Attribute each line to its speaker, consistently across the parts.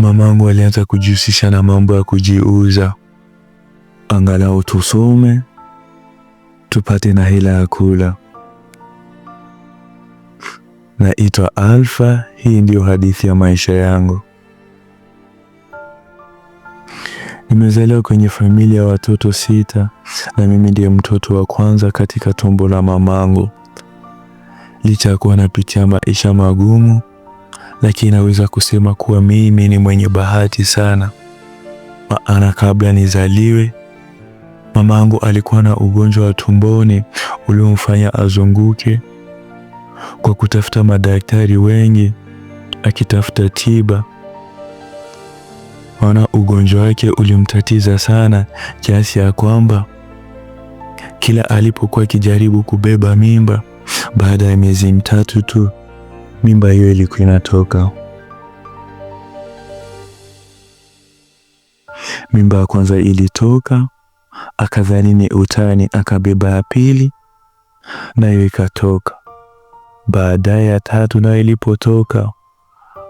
Speaker 1: mamangu alianza kujihusisha na mambo ya kujiuza, angalau tusome tupate na hela ya kula. Naitwa Alfa. Hii ndiyo hadithi ya maisha yangu. Nimezaliwa kwenye familia ya watoto sita na mimi ndiye mtoto wa kwanza katika tumbo la mamangu. Licha ya kuwa napitia maisha magumu, lakini naweza kusema kuwa mimi ni mwenye bahati sana, maana kabla nizaliwe mamangu alikuwa na ugonjwa wa tumboni uliomfanya azunguke kwa kutafuta madaktari wengi akitafuta tiba, maana ugonjwa wake ulimtatiza sana kiasi ya kwamba kila alipokuwa akijaribu kubeba mimba baada ya miezi mitatu tu mimba hiyo ilikuwa inatoka. Mimba ya kwanza ilitoka, akadhani ni utani, akabeba ya pili nayo ikatoka. Baadaye ya tatu nayo ilipotoka,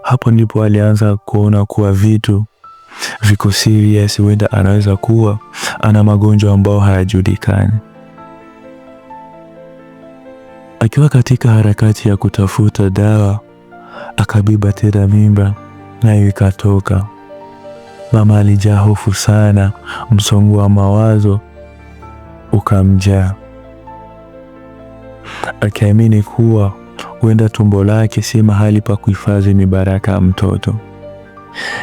Speaker 1: hapo ndipo alianza kuona kuwa vitu viko serious, huenda anaweza kuwa ana magonjwa ambayo hayajulikani. Akiwa katika harakati ya kutafuta dawa, akabiba tena mimba nayo ikatoka. Mama alijaa hofu sana, msongo wa mawazo ukamjaa, akiamini kuwa huenda tumbo lake si mahali pa kuhifadhi mibaraka ya mtoto.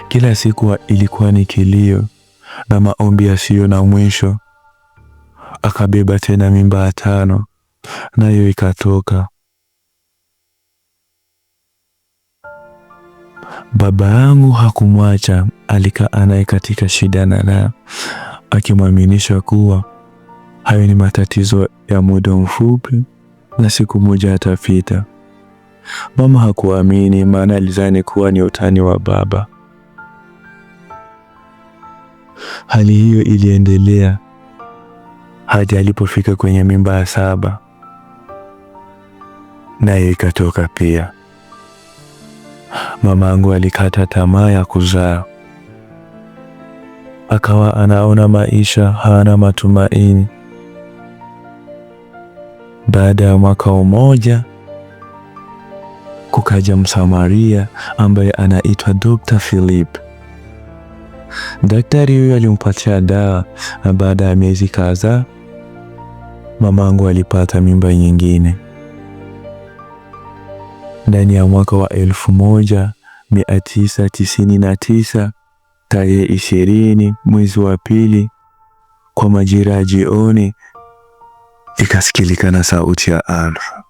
Speaker 1: Kila siku ilikuwa ni kilio na maombi yasiyo na mwisho. Akabeba tena mimba ya tano nayo ikatoka. Baba yangu hakumwacha, alikaa naye katika shida na raha, akimwaminisha kuwa hayo ni matatizo ya muda mfupi na siku moja atapita. Mama hakuamini, maana alizani kuwa ni utani wa baba. Hali hiyo iliendelea hadi alipofika kwenye mimba ya saba nayo ikatoka pia. Mamangu alikata tamaa ya kuzaa, akawa anaona maisha hana matumaini. Baada ya mwaka mmoja kukaja Msamaria ambaye anaitwa Dr. Philip. Daktari huyo alimpatia dawa na baada ya miezi kadhaa mamangu alipata mimba nyingine ndani ya mwaka wa elfu moja mia tisa tisini na tisa tarehe ishirini mwezi wa pili kwa majira ya jioni ikasikilikana sauti ya Alfa.